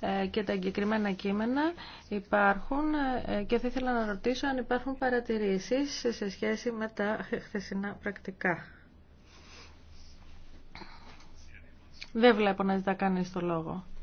Ε, και τα εγκεκριμένα κείμενα υπάρχουν ε, και θα ήθελα να ρωτήσω αν υπάρχουν παρατηρήσεις σε σχέση με τα χθεσινά πρακτικά. Δεν βλέπω να ζητά κανείς το λόγο.